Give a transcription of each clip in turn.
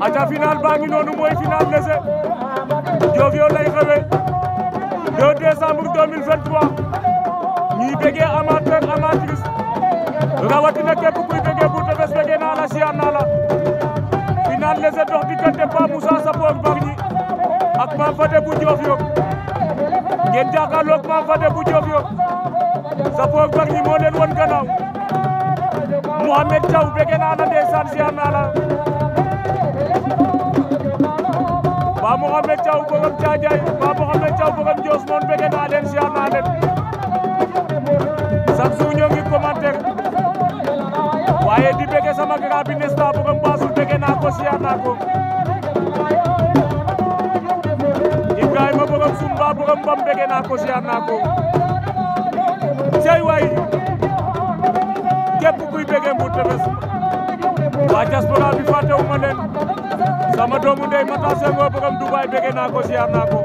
aca final baa ngi noonu mooy final lese Diof Yoor lay xewe 2 décembre 2023 ñuy bëggee amateur amatrice rawatina képp kuy bëggee bu tefes bëggee naa la siyaar naa la final lese dox diggante Pa Moussa Sapor Bargny ak Mame Fadé bu Diof Yoor ngeen jàkkaarloog Mame Fadé bu Diof Yoor Sapor Bargny moo leen won gannaaw Mohamed Thiaw naa la ndeysaan siyaar naa la Pape Mouhamed Thiaw borom Caajaay Pape Mouhamed Thiaw borom Dios moon bëgg naa leen siyaar naa leen chaque ñoo ngi commentaire waaye di bëgg sama grand bi Nesta borom baasul bëgg naa ko siyaar naa ko Ibrahima borom Sumba borom Bam bëgg naa ko siyaar naa ko cey waay képp kuy bëgg Mbour Tefesse waa diaspora bi fàttewuma sama doomu ndey ma tax seen boppam Dubaay bëgg naa ko siyaar naa ko.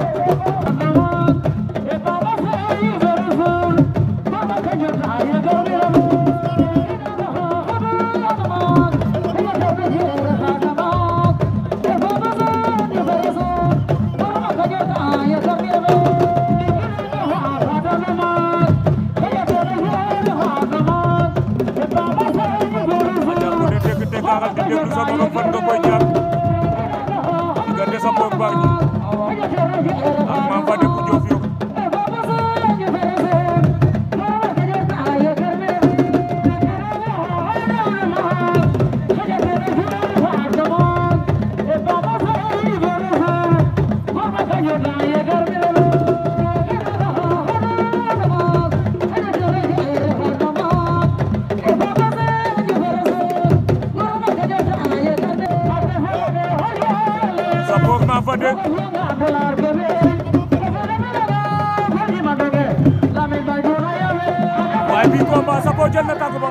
Déglu sa borom fan nga koy jaar Samba Bargny fade waaye bi combat Safo jël na ba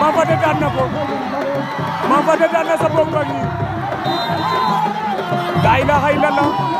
Mame Fadé daan na ko Mame Fadé daan na Safo ko ni la ilaha